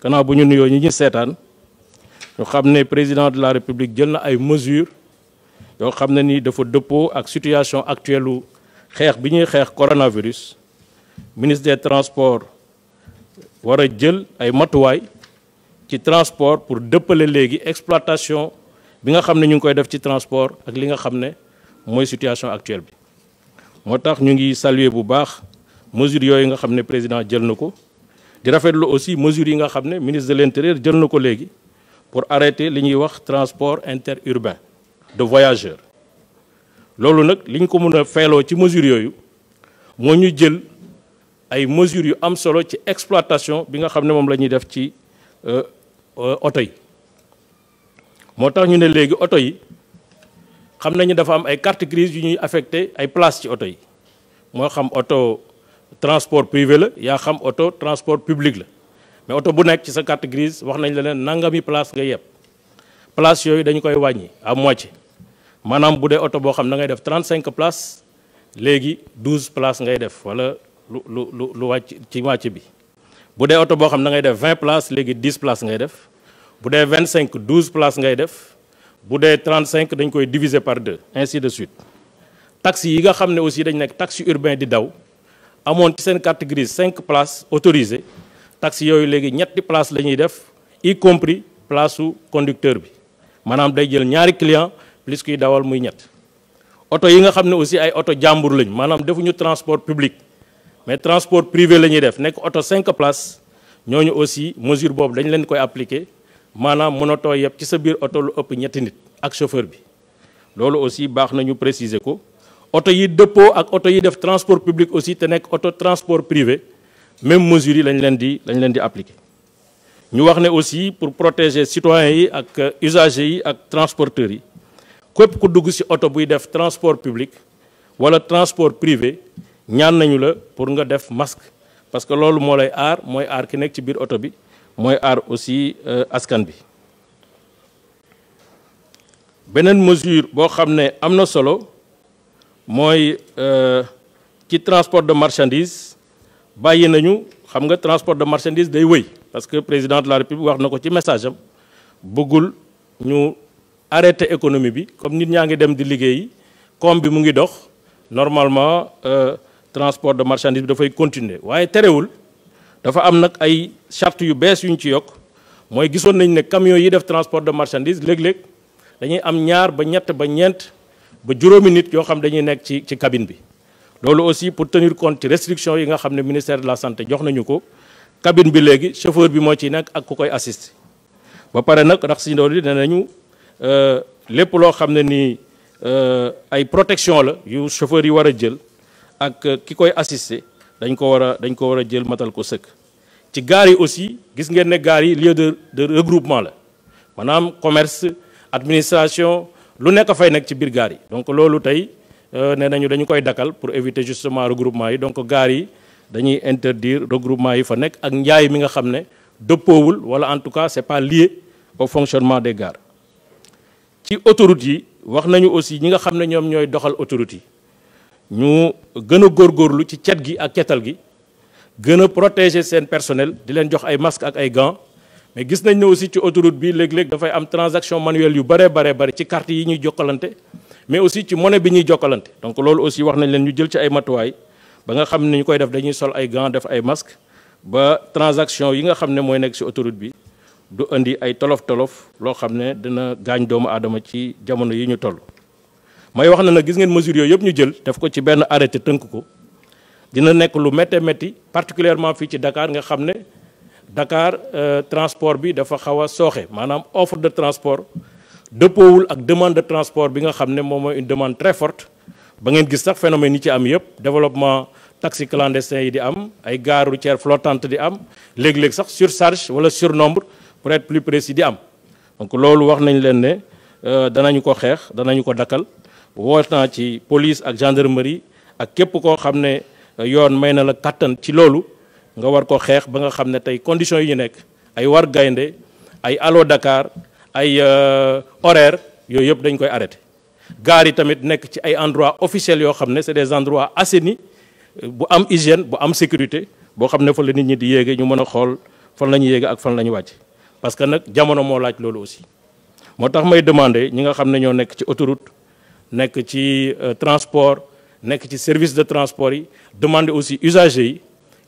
Quand bu ñu nuyoo ñi ñu seetaan ñu xam président de la république jël na ay mesures yoo xam ne ni dafa dëppoo ak situation actuelle lu xeex bi ñuy coronavirus ministre des transports war a jël ay ci transport pour dëppale les exploitation bi nga xam ne ñu ngi koy def ci transport ak li nga xam ne situation actuelle bi moo tax ñu ngi saluer bu baax mesures yooyu nga xam président jël na ko di rafetlu aussi mesures yi ministre de l'intérieur jël pour arrêter les transport interurbain de voyageurs lolu nak mesures yoyu nous ñu jël ay mesures yu am solo ci exploitation bi nga def ci euh, euh, yi ñu carte grise yu affecté ay place ci transport privé la ya xam auto transport public la mais auto bu nek ci sa carte grise wax nañ la né nangami place nga yeb place yoy dañ koy wañi à moitié manam bu dé auto bo xam da ngay def 35 places légui 12 places ngay def wala lu lu lu wacc ci wacc bi bu dé auto bo xam da ngay def 20 places légui 10 places ngay def bu dé 25 12 places ngay def bu dé 35 dañ koy diviser par 2 ainsi de suite taxi yi nga xam aussi dañ nek taxi urbain di daw amoon ci seen carte grise cinq places autorisées taxi yoy légui ñetti place lañuy def y compris place su conducteur bi Manam day jël ñaari client plus kuy dawal muy ñett auto yi nga xamné ne aussi ay auto jambour lañ defu ñu transport public mais transport privé lañuy def Nek auto cinq places ñoñu aussi mesure bobu dañ leen koy appliquer maanaam mënatoo yeb ci sa biir auto lu upp ñetti nit ak chauffeur bi lolu aussi baax nañu préciser ko auto yi dëppoo ak auto yi def transport public aussi te nekk oto transport privé même mesure yi lañ leen di lañ leen di appliquer. ñu wax né aussi pour protéger citoyens yi ak usagers yi ak transporteurs yi képp ku dugg ci auto buy def transport public wala transport privé ñaan nañu la pour nga def masque parce que loolu moo lay aar mooy aar ki nekk ci biir oto bi mooy aar aussi euh, askan bi. beneen mesure boo xam ne am na solo mooy qui euh, transport de marchandises, bàyyi nañu xam nga transport de marchandises, day wëy parce que président de la république wax nako ci message am bëggul ñu arrêter économie bi comme nit ñaa ngi dem di liggéeyi koom bi mu ngi dox normalement euh, transport de marchandises da fay continuer waaye terewul dafa am nak ay charte yu bess yuñ ci yok moy gisoon nañ ne camion yi def transport de marchandises, leg leg dañuy am ñaar ba ñett ba ñent ba juróomi nit yo xam dañuy nek ci ci cabine bi lolu aussi pour tenir compte ci restriction yi nga xam ne ministère de la santé jox nañu ko cabine bi léegi chauffeur bi mo ci nekk ak ku koy assister ba pare nak rax si loolu nee euh lepp lo xam ni euh ay protection la yu chauffeur yi wara a jël ak ki koy assister dañ ko wara dañ ko wara a jël matal ko seuk ci gare yi aussi gis ngeen ne gare yi lieu de de regroupement la manam commerce administration lu nekk fay nekk ci biir gaar yi donc loolu tey euh, nee nañu dañu koy dakal pour éviter justement regroupement yi donc gaar yi dañuy interdire regroupement yi fa nekk ak njaay mi nga xam ne dëppoowul wala en tout cas c'est pas lié au fonctionnement des gares ci autoroute yi wax nañu aussi ñi nga xam ne ñoom ñooy doxal autoroute yi ñu gën a góorgóorlu ci cet gi ak cetal gi gën a protéger seen personnel di leen jox ay masques ak ay gants mais gis nañ né aussi ci autoroute bi lég lég da fay am transaction manuelle yu bare bare bare ci carte yi ñuy jokkalante mais aussi ci monnaie bi ñuy jokkalante donc loolu aussi wax nañ leen ñu jël ci ay matuwaay ba nga xam ne ñu koy def dañuy sol ay gants def ay masques ba transaction yi nga xam moy nek ci autoroute bi du andi ay tolof-tolof lo xam ne dina gaañ doomu adama ci jamono yi ñu toll may wax na nag gis ngeen mesure yoyep ñu jël def ko ci ben arrêté teunk ko dina nek lu méttee métti particulièrement fi ci Dakar nga xam Dakar eh, transport bi dafa xawa soxé manam offre de transport dëppoowul ak demande de transport bi nga xamné mom moom une demande très forte ba ngeen gis sax phénomène yi ci am yépp développement taxi clandestin yi di am ay gare routière flottante di am Leg-leg sax surcharge wala surnombre pour être plus précis di am donc lolu wax nañ leen ne euh, danañu ko xeex danañu ko dakkal wota ci police ak gendarmerie ak képp ko xamné euh, yoon mayna la katan ci lolu nga war ko xeex ba nga conditions yi nekk ay war gaynde ay allo Dakar ay euh, horaire yooyu dañ koy arrêté tamit nekk endroits officiels des endroits assainis euh, bu am hygiène bu am sécurité boo xam la nit ñi di ñu ak parce que nag jamono moo laaj loolu aussi moo tax may demander ñi nga xam ne ñoo nekk ci autoroute euh, transport nekk service de transport yi demander aussi usagers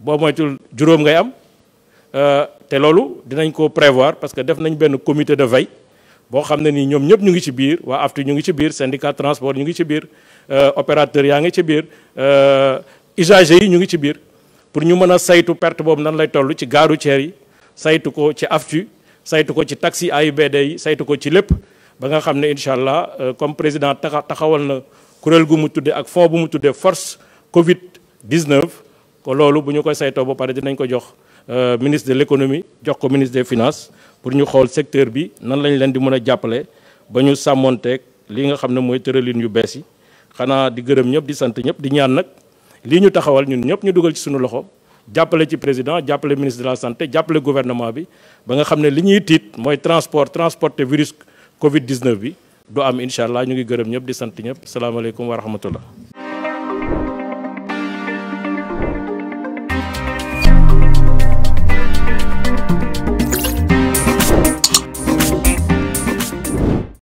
bo moytul juróom ngay am euh, té lolu dinañ ko prévoir parce que def nañ ben comité de veille bo xamné ni ñom ñep ñu ngi ci biir wa AFTU ñu ngi ci biir syndicat transport ñu ngi ci biir euh, opérateur ya ngi ci biir euh, usager yi ñu ngi ci biir pour ñu mëna saytu perte bobu nan lay tollu ci garu cher yi saytu ko ci AFTU saytu ko ci taxi AIBD yi saytu ko ci lepp ba nga xamné inshallah comme président taxawal na kurel gu mu tuddé ak fond bu mu tuddé force Covid 19. ko loolu bu ñu koy saytoo ba pare dinañ ko jox euh, ministre de l' économie jox ko ministre des finances pour ñu xool secteur bi nan lañ leen di mën a jàppale ba ñu sàmmoon sàmmonteeg li nga xam ne mooy tëralin yu bees yi xanaa di gërëm ñëpp di sant ñëpp di ñaan nag lii ñu taxawal ñun ñëpp ñu dugal ci suñu loxo jàppale ci président jàppale ministre de la santé jàppale gouvernement bi ba nga xam ne li ñuy tiit mooy transport transporter virus Covid 19 bi du am incha allah ñu ngi gërëm ñëpp di sant ñëpp salaamaaleykum wa rahmatullah